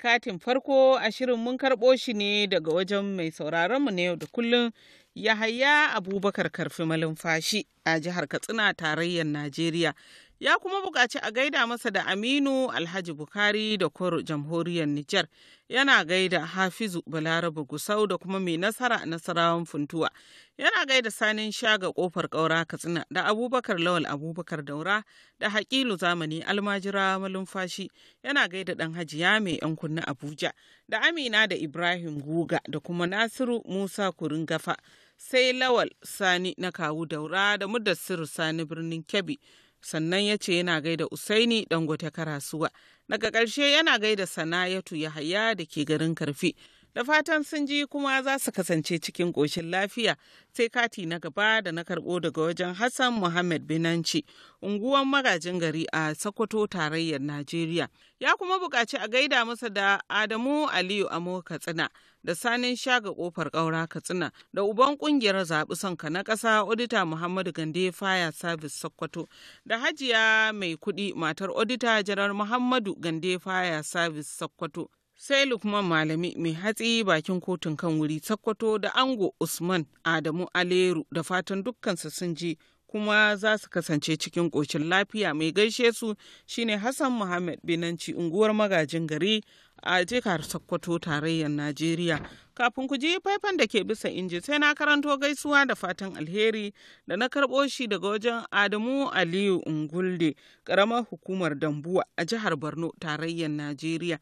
katin farko a shirin mun karɓo shi ne daga wajen mai sauraronmu na yau da kullun, yahaya abubakar karfi malumfashi a jihar katsina tarayyar najeriya ya kuma buƙaci a gaida masa da aminu alhaji bukari da kwaro jamhuriyar nijar yana gaida hafizu balarabe gusau da kuma mai nasara nasarawan funtuwa yana gaida sanin shaga kofar ƙaura katsina da abubakar lawal abubakar daura da haƙilu zamani almajira malumfashi yana gaida ɗan hajiya mai yan kunna abuja da amina da ibrahim guga da kuma nasiru musa kurin gafa sai lawal sani na kawu daura da mudassiru sani birnin kebbi sannan ya ce yana gaida usaini dangote karasuwa daga ƙarshe yana gaida sana'atu haya da ke garin karfi Da fatan sun ji kuma za su kasance cikin ƙoshin lafiya sai kati na gaba da na karɓo daga wajen Hassan Muhammad Binanci, unguwan magajin gari a Sokoto tarayyar Najeriya. Ya kuma buƙaci a gaida masa da Adamu Aliyu Amo Katsina da Sanin Shaga Ƙofar Ƙaura Katsina da uban ƙungiyar zaɓi sonka na ƙasa Odita Muhammadu Gande Faya Service Sokoto da Hajiya Mai Kuɗi matar Odita Jarar Muhammadu Gande Faya Service Sokoto. sai lukman malami mai hatsi bakin kotun kan wuri sakkwato da ango usman adamu aleru da fatan dukkansa sun ji kuma za su kasance cikin ƙoshin lafiya mai gaishe su shine hassan muhammad binanci unguwar magajin gari a jihar sokoto tarayyar najeriya kafin ku ji faifan da ke bisa inji sai na karanto gaisuwa da fatan alheri da na karɓo shi daga wajen adamu aliyu ungulde ƙaramar hukumar dambuwa a jihar borno tarayyar najeriya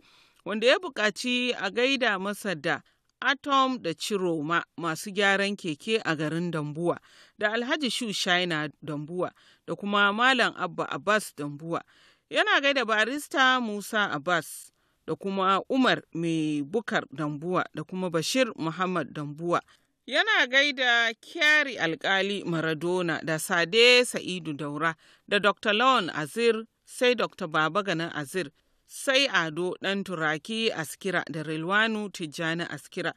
wanda ya buƙaci a gaida masa da Atom da Ciroma masu gyaran keke a garin Dambuwa da Alhaji shu Shina Dambuwa da kuma Malam Abba Abbas Dambuwa. Yana gaida barista Musa Abbas da kuma Umar mai bukar Dambuwa da kuma Bashir Muhammad Dambuwa. Yana gaida Kyari Alkali Maradona da Sade Sa'idu Daura da Dr. Lawan Azir sai Dr. Baba Ganin Azir. sai Ado ɗan Turaki Askira da Rilwanu Tijjani Askira.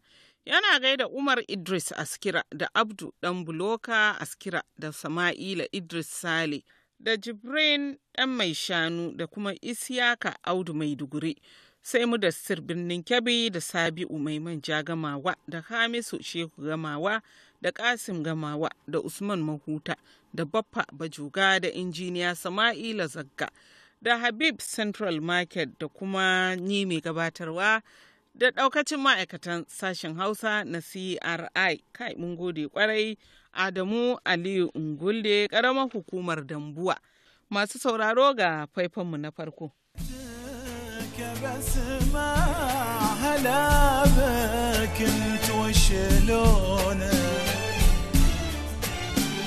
Yana gaida Umar Idris Askira da Abdu ɗan Buloka Askira da Sama'ila Idris Sale da Jibrin ɗan mai shanu da kuma Isiyaka Audu Maiduguri. Sai mu da birnin kyabi da Sabi'u Maiman Gamawa da Hamisu Shehu Gamawa da Kasim Gamawa da Usman Mahuta da Baffa Bajuga da Injiniya Sama'ila Zagga. da Habib Central Market da kuma ni mai gabatarwa da ɗaukacin ma'aikatan sashen Hausa na CRI. Kai mun gode kwarai Adamu Aliyu Ungulde ƙaramar hukumar Dambuwa. Masu sauraro ga faifanmu na farko.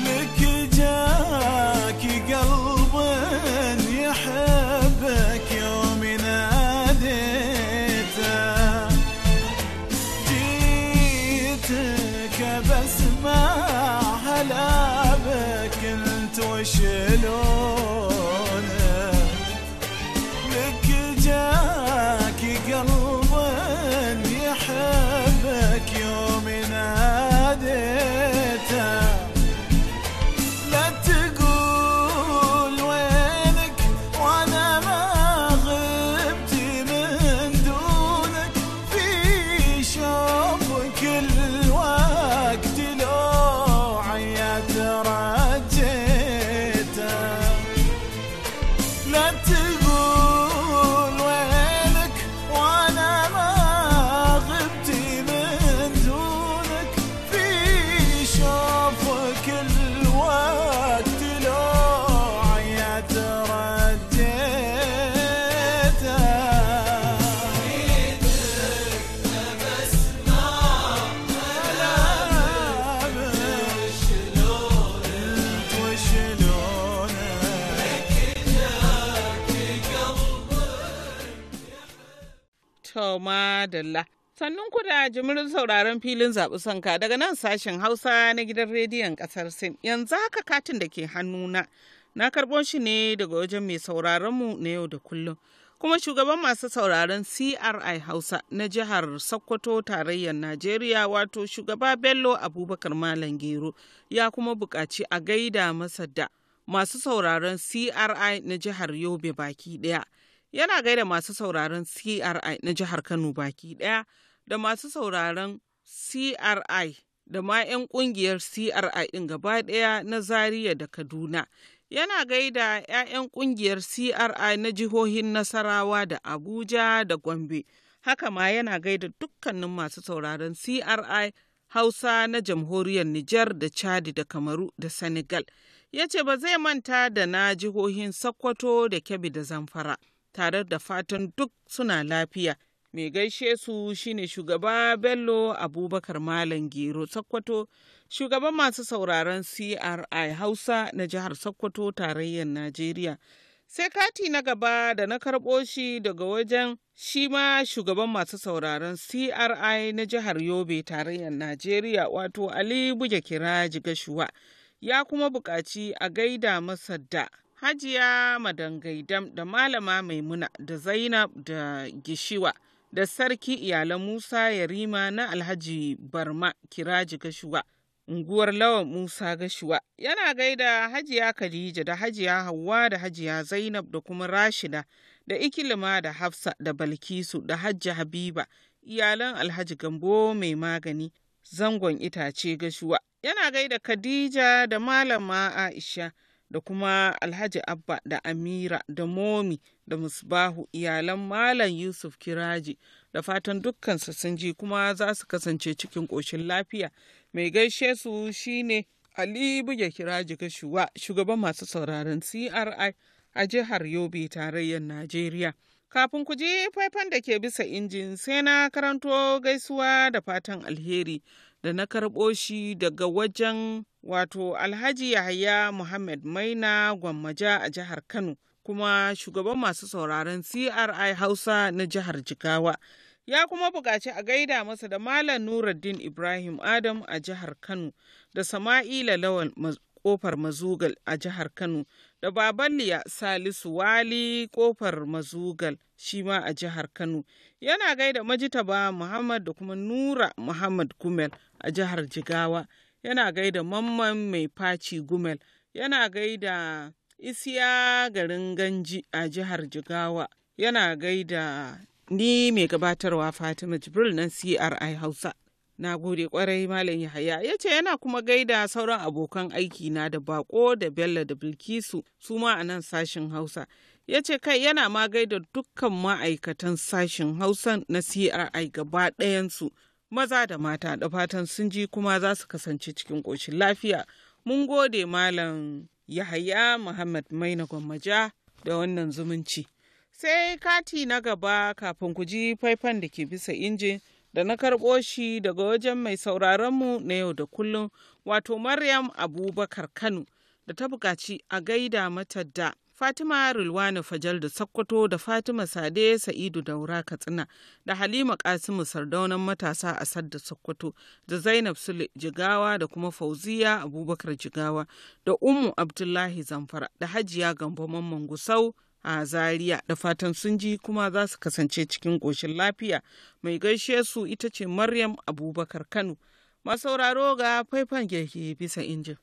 لك جاكي To madalla. Sannun ku da jimirin sauraron filin zaɓi sanka daga nan sashen Hausa na gidan rediyon ƙasar Sin. Yanzu haka katin da ke hannuna. Na karɓo shi ne daga wajen mai sauraronmu na yau da kullum. Kuma shugaban masu sauraron CRI Hausa na jihar Sokoto tarayyar Najeriya wato shugaba Bello Abubakar Malam Gero ya kuma buƙaci a gaida masa da masu sauraron CRI na jihar Yobe baki ɗaya. yana gaida masu sauraron CRI na jihar Kano baki ɗaya da masu sauraron CRI da ma 'yan ƙungiyar CRI din gaba ɗaya na Zaria da Kaduna. Yana gaida 'ya'yan ƙungiyar CRI na jihohin Nasarawa da Abuja da Gombe. Haka ma yana gaida dukkanin masu sauraron CRI Hausa na jamhuriyar Nijar da Chadi da Kamaru da Senegal. Ya ce ba zai manta da na jihohin Sokoto da Kebbi da Zamfara. tare da fatan duk suna lafiya. Mai gaishe su shine shugaba Bello Abubakar Malam Gero Sokoto, shugaban masu sauraron CRI Hausa na jihar Sokoto tarayyar Najeriya. Sai kati na gaba da na karɓo shi daga wajen shi ma shugaban masu sauraron CRI na jihar Yobe tarayyar Najeriya wato Ali Buge Kiraji Gashuwa ya kuma buƙaci a gaida masa da Hajiya Madangaidam da Malama Maimuna da Zainab da Gishiwa da Sarki iyalan Musa Yarima na Alhaji Barma Kiraji Gashuwa, unguwar Lawan Musa Gashuwa. Yana gaida Hajiya Khadija da Hajiya Hauwa da Hajiya Zainab da kuma Rashida da Ikilima da Hafsa da Balkisu da Hajji Habiba, iyalan Alhaji Gambo mai magani, zangon itace Gashuwa. Yana gaida Khadija da Malama Aisha. da kuma alhaji abba da amira da momi da musbahu iyalan malam yusuf kiraji da fatan dukkansu sun ji kuma za su kasance cikin ƙoshin lafiya mai gaishe su shine ali buge kiraji gashuwa shugaban masu sauraron cri a jihar yobe tarayyar najeriya Kafin ku ji faifan da ke bisa injin sai na karanto gaisuwa da fatan alheri da na karɓo shi daga wajen wato Alhaji Yahaya Muhammad Maina Gwammaja a jihar Kano kuma shugaban masu sauraron CRI Hausa na jihar Jigawa. Ya kuma buƙaci a gaida masa da Malam Nuruddin Ibrahim Adam a jihar Kano da Sama'ila Lawal kofar Mazugal a jihar Kano da babanniya Salisu Wali kofar Mazugal shi ma a jihar Kano. Yana gaida Majitaba Muhammad da kuma Nura Muhammad Gumel a jihar Jigawa. Yana gaida Mamman Mai Faci Gumel. Yana gaida Isiya garin Ganji a jihar Jigawa. Yana gaida ni mai gabatarwa Fatima Jibril na CRI Hausa. Na gode kwarai Malam Yahaya ya ce yana kuma gaida sauran abokan aiki na da Bako da Bello da Bilkisu su ma a nan sashin Hausa. Ya ce kai yana ma gaida dukkan ma'aikatan sashin Hausa na CRI gaba ɗayansu maza da mata da fatan sun ji kuma za su kasance cikin ƙoshin lafiya. Mun gode Malam Yahaya Muhammad Maina Gwammaja da wannan zumunci. Sai kati na gaba kafin ku ji faifan da ke bisa injin. da na karɓo shi daga wajen mai sauraronmu na yau da kullum wato Maryam Abubakar Kano da ta buƙaci a gaida mata da Fatima Rilwani Fajal da Sakkwato da Fatima Sade Sa'idu Daura Katsina da Halima Kasimu Sardaunan matasa a Sadda Sakkwato da Zainab Sule Jigawa da kuma Fauziya Abubakar Jigawa da umu Abdullahi Zamfara da Hajiya Gambo Mamman Gusau a zaria da fatan sun ji kuma za su kasance cikin ƙoshin lafiya mai gaishe su ita ce maryam abubakar kano masauraro ga faifan keke bisa injin.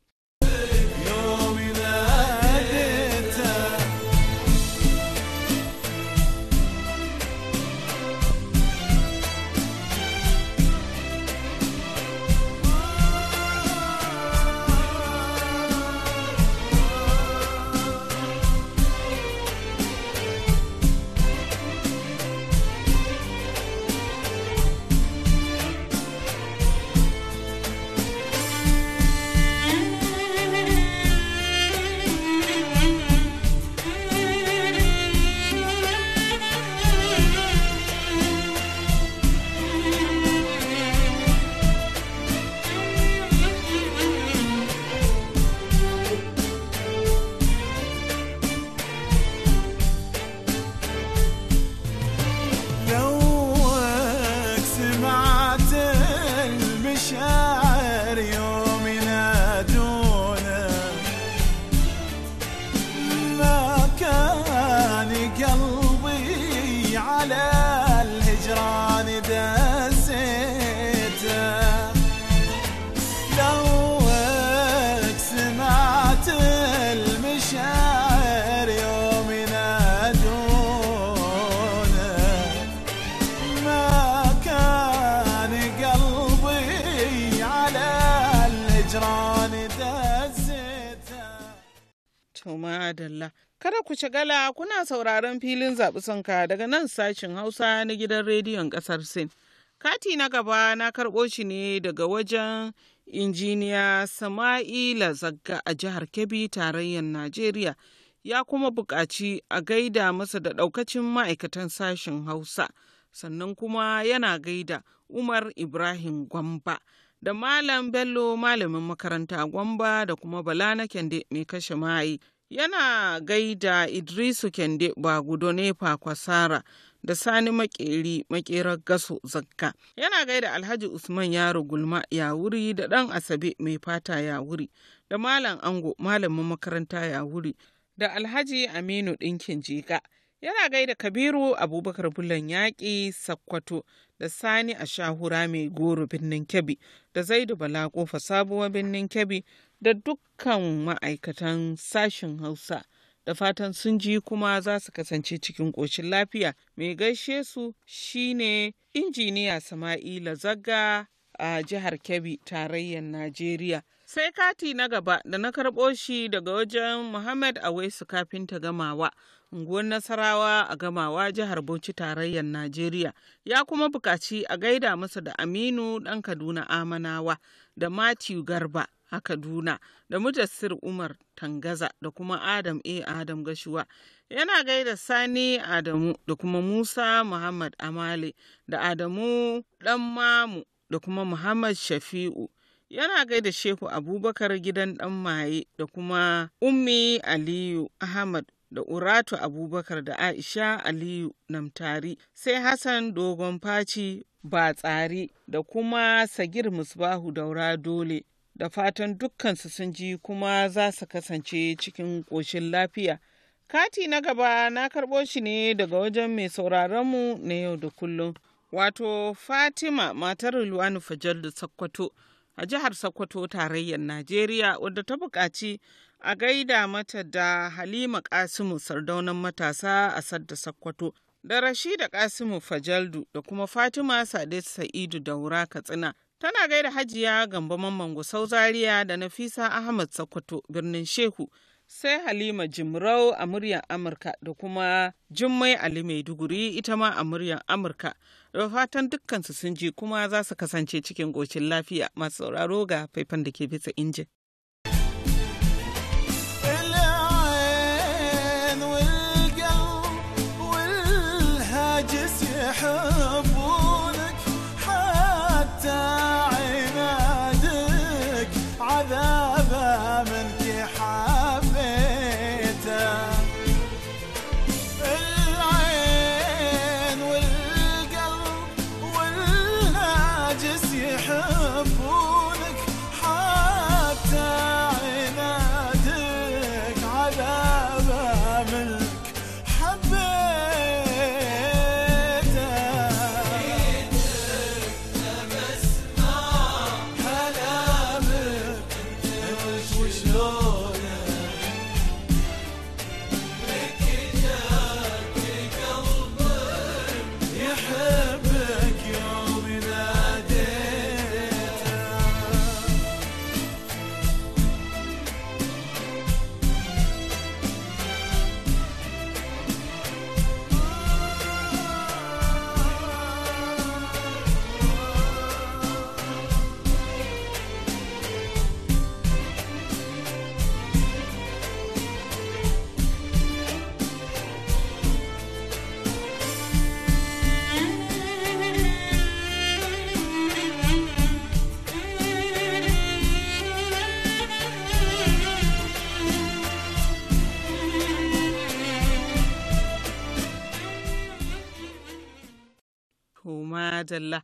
Kada ku shagala kuna sauraron filin zaɓi sonka daga nan sashin Hausa na gidan rediyon ƙasar Sin. Kati na gaba na karɓo shi ne daga wajen injiniya Sama'ila Zagga a jihar Kebbi tarayyar Najeriya. Ya kuma buƙaci a gaida masa da ɗaukacin ma'aikatan sashin Hausa, sannan kuma yana gaida Umar Ibrahim Gwamba. da Malam Bello malamin makaranta Gwamba da kuma Bala na Kende mai kashe mayi. Yana gaida Idrisu Kende ba gudo nefa kwasara da Sani Makeri makerar gaso zakka. Yana gaida Alhaji Usman Yaro Gulma ya wuri da ɗan Asabe mai fata ya wuri da Malam Ango malamin makaranta ya wuri da Alhaji Aminu Ɗinkin jiga yana gaida kabiru abubakar bulan yaƙi sakkwato da sani a shahura mai goro birnin kebbi da zaidu bala kofa sabuwar birnin kebbi da dukkan ma'aikatan sashen hausa da fatan sun ji kuma za su kasance cikin ƙoshin lafiya mai gaishe su shine injiniya sama'ila zagga a jihar kebbi tarayyar najeriya sai kati na gaba da na karɓo shi daga wajen muhammad awaisu kafinta gamawa unguwar Nasarawa a gamawa jihar Bauchi tarayyar Najeriya ya kuma buƙaci a gaida masa da Aminu ɗan Kaduna Amanawa da Matthew Garba a Kaduna da Mujassir Umar Tangaza da kuma Adam A. Adam Gashuwa. Yana gaida Sani Adamu da kuma Musa Muhammad Amale da Adamu Ɗan Mamu da kuma Muhammad Shafi'u. yana gaida shehu abubakar gidan dan maye da kuma ummi aliyu ahmad da Uratu Abubakar da Aisha Aliyu Namtari sai Hassan Dogon Faci ba tsari da kuma Sagir Musbahu Daura Dole da fatan dukkansu sun ji kuma za su kasance cikin ƙoshin lafiya. Kati na gaba na karɓo shi ne daga wajen mai sauraronmu na yau da kullum. Wato Fatima matar Luwanu Fajar da Sakkwato a jihar Sakkwato tarayyar Najeriya wadda ta buƙaci a gaida mata da Halima Kasimu sardaunan matasa a Sadda Sakkwato da Rashida Kasimu Fajaldu da kuma Fatima Sade Sa'idu da Wura Katsina. Tana gaida Hajiya Gambo Mamman Gusau Zaria da Nafisa Ahmad Sakkwato birnin Shehu. sai Halima Jimrau a muryar Amurka da kuma Jummai Ali Maiduguri ita ma a muryar Amurka. Da fatan dukkansu sun ji kuma za su kasance cikin gocin lafiya masu sauraro ga faifan da ke bisa injin. Jalla.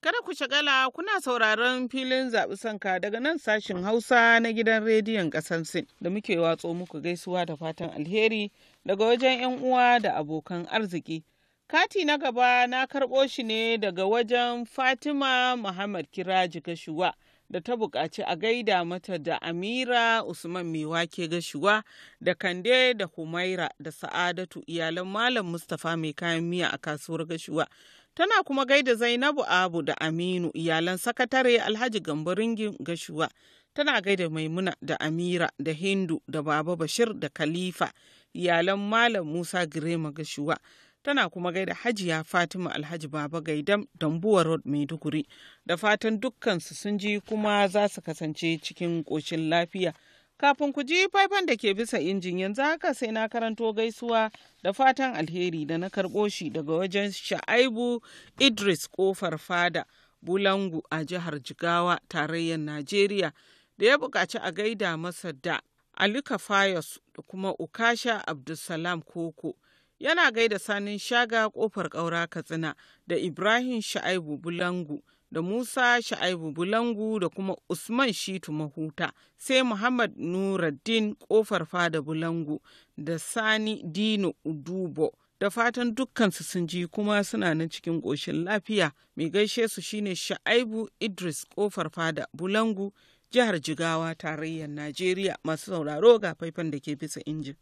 Kada ku shagala kuna sauraron filin zaɓi sanka daga nan sashin Hausa na gidan rediyon ƙasar Sin da muke watso muku gaisuwa da fatan alheri daga wajen 'yan uwa da abokan arziki. Kati na gaba na karɓo shi ne daga wajen Fatima Muhammad Kiraji Gashuwa da ta buƙaci a gaida mata da Amira Usman Mewake Gashuwa da Kande da Humaira da Sa'adatu iyalan Malam Mustapha mai kayan miya a kasuwar Gashuwa. Tana kuma gaida Zainabu Abu da Aminu iyalan sakatare Alhaji Gambaringin Gashuwa. Tana gaida Maimuna da Amira da Hindu da Baba Bashir da Khalifa iyalan Malam Musa Girema Gashuwa. Tana kuma gaida Hajiya Fatima Alhaji Baba Gaidam Dambuwa Road Maiduguri da fatan dukkansu sun ji kuma za su kasance cikin ƙoshin lafiya. Kafin ku ji faifan da ke bisa injin yanzu haka sai na karanto gaisuwa da fatan alheri da na karɓo shi daga wajen Sha'aibu Idris Kofar Fada Bulangu a jihar Jigawa tarayyar Najeriya da ya buƙaci a gaida masa da Alika Fayos da kuma Ukasha Abdulsalam Koko. Yana gaida sanin shaga kofar ƙaura Katsina da Ibrahim Sha'aibu Bulangu da Musa Sha'aibu Bulangu da kuma Usman Shitu Mahuta sai Muhammad Nuruddin Kofar Fada Bulangu da Sani Dino Udubo da fatan dukkansu sun ji kuma suna nan cikin ƙoshin lafiya mai gaishe su shine Sha'aibu Idris Kofar Fada Bulangu jihar Jigawa tarayyar Najeriya masu sauraro ga faifan da ke bisa injin.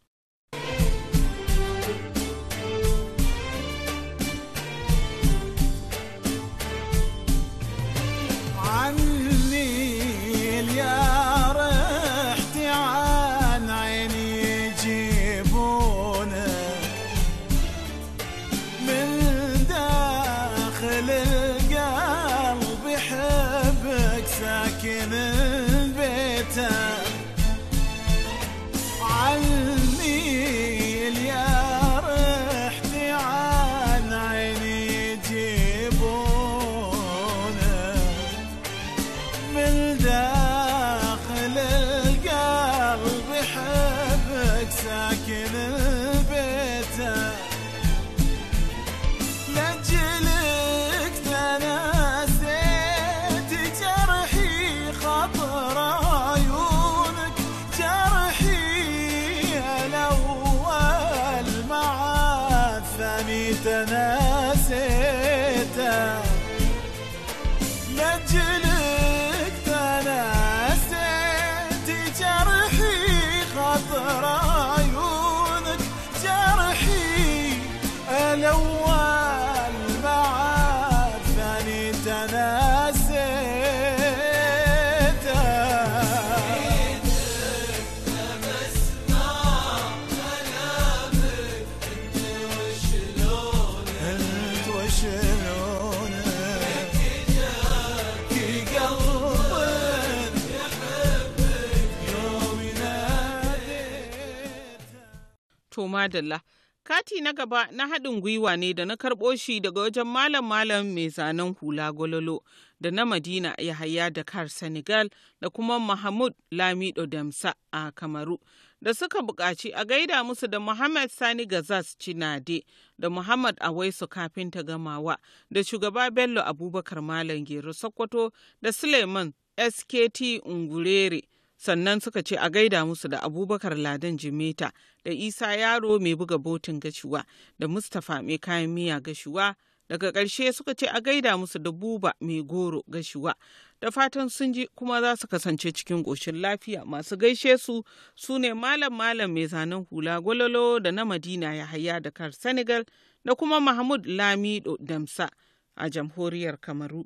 to madalla. Kati na gaba na haɗin gwiwa ne da na karɓo shi daga wajen malam malam mai zanen hula gololo da na Madina Yahaya kar Senegal da kuma Mahmud Lamido Damsa a Kamaru da suka buƙaci a gaida musu da Muhammad Sani Gazas Cinade da Muhammad Awaisu Kafinta Gamawa da shugaba Bello Abubakar Malam Gero Sokoto da Suleiman SKT Ungurere. sannan suka ce a gaida musu da abubakar ladan jimeta da isa yaro mai buga botin gashuwa da mustapha mai kayan miya gashuwa daga ƙarshe suka ce a gaida musu da buba mai goro gashuwa da fatan sun ji kuma za su kasance cikin ƙoshin lafiya masu gaishe su su ne malam malam mai zanen hula gwalolo da na madina ya haya da kar senegal da kuma mahmud lamido damsa a jamhuriyar kamaru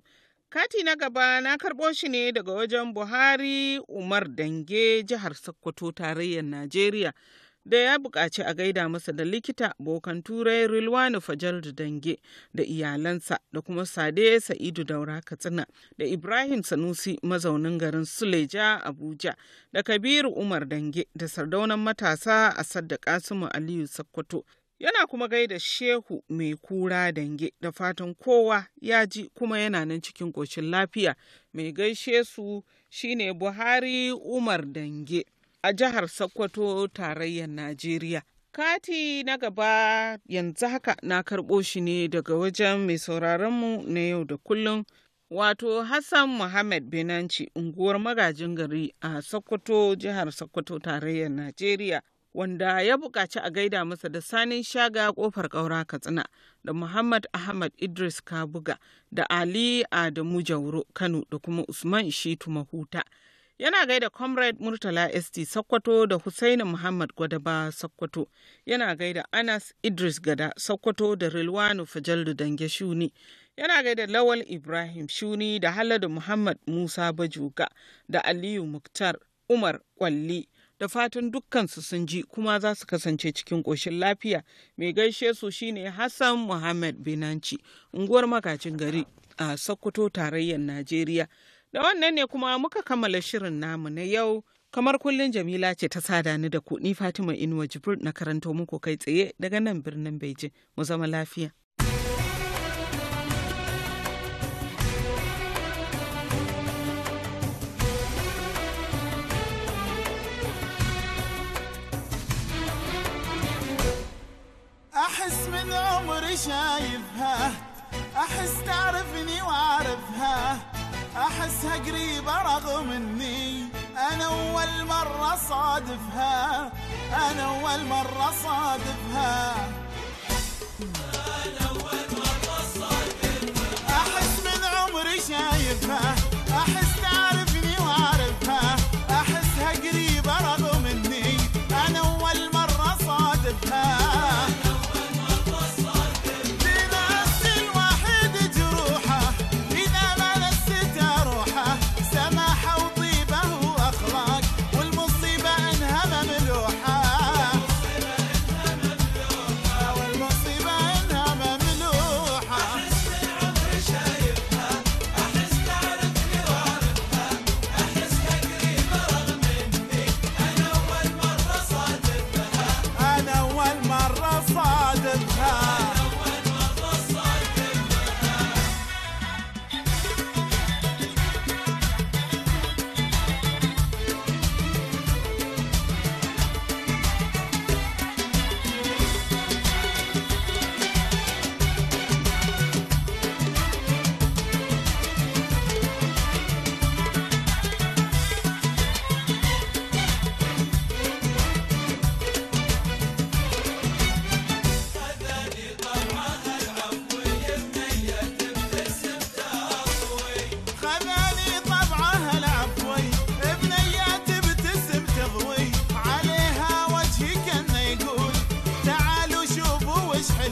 Kati na gaba na karɓo shi ne daga wajen Buhari Umar Dange jihar Sokoto tarayyar Najeriya da ya buƙaci a gaida masa da likita bokan turai Rilwani da Dange da iyalansa da kuma Sade Sa'idu Daura Katsina da Ibrahim Sanusi mazaunin garin Suleja Abuja da Kabiru Umar Dange da sardaunan matasa a Sadda Kasimu Aliyu Sokoto. yana kuma gaida shehu mai kura dange da fatan kowa ya ji kuma yana nan cikin ƙoshin lafiya mai gaishe su shine buhari umar dange a jihar sokoto tarayyar najeriya kati na gaba yanzu haka na karɓo shi ne daga wajen mai sauraronmu na yau da kullum wato hassan muhammad binanci unguwar magajin gari a sokoto jihar sokoto tarayyar najeriya wanda ya buƙaci a gaida masa da sanin shaga ƙofar ƙaura katsina da muhammad ahmad idris kabuga da ali adamu jauro kano da kuma usman shitu mahuta yana gaida comrade murtala st sakkwato da husaini muhammad gwadaba sakkwato yana gaida anas idris gada sakkwato da rilwanu fajaldu dange shuni yana gaida lawal ibrahim shuni da haladu muhammad musa bajuga da aliyu muktar umar kwalli da fatan dukkansu sun ji kuma za su kasance cikin ƙoshin lafiya mai gaishe su shine hassan muhammad binanci unguwar makacin gari a sokoto tarayyar najeriya da wannan ne kuma muka kammala shirin namu na yau kamar kullum jamila ce ta sada ni da kuɗi fatima inuwa jibril na karanto muku kai tsaye daga nan birnin beijing mu zama lafiya احس من عمري شايفها احس تعرفني واعرفها احسها قريبة رغم اني انا اول مرة صادفها انا اول مرة صادفها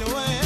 away.